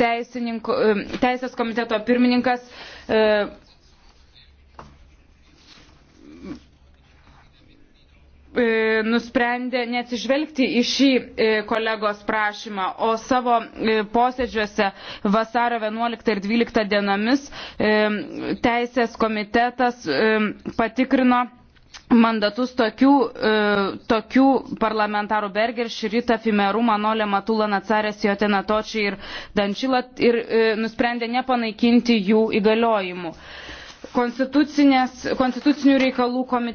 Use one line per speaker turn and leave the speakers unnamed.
teisės komiteto pirmininkas e, e, nusprendė neatsižvelgti į šį e, kolegos prašymą, o savo e, posėdžiuose vasaro 11 ir 12 dienomis teisės komitetas patikrino mandatus tokių, e, tokių parlamentarų Berger, Širita, Fimeru, Manolė, Matula, Nacarės, Jotenatočiai ir Dančila ir e, nusprendė nepanaikinti jų įgaliojimų.
Konstitucinių reikalų komitetas.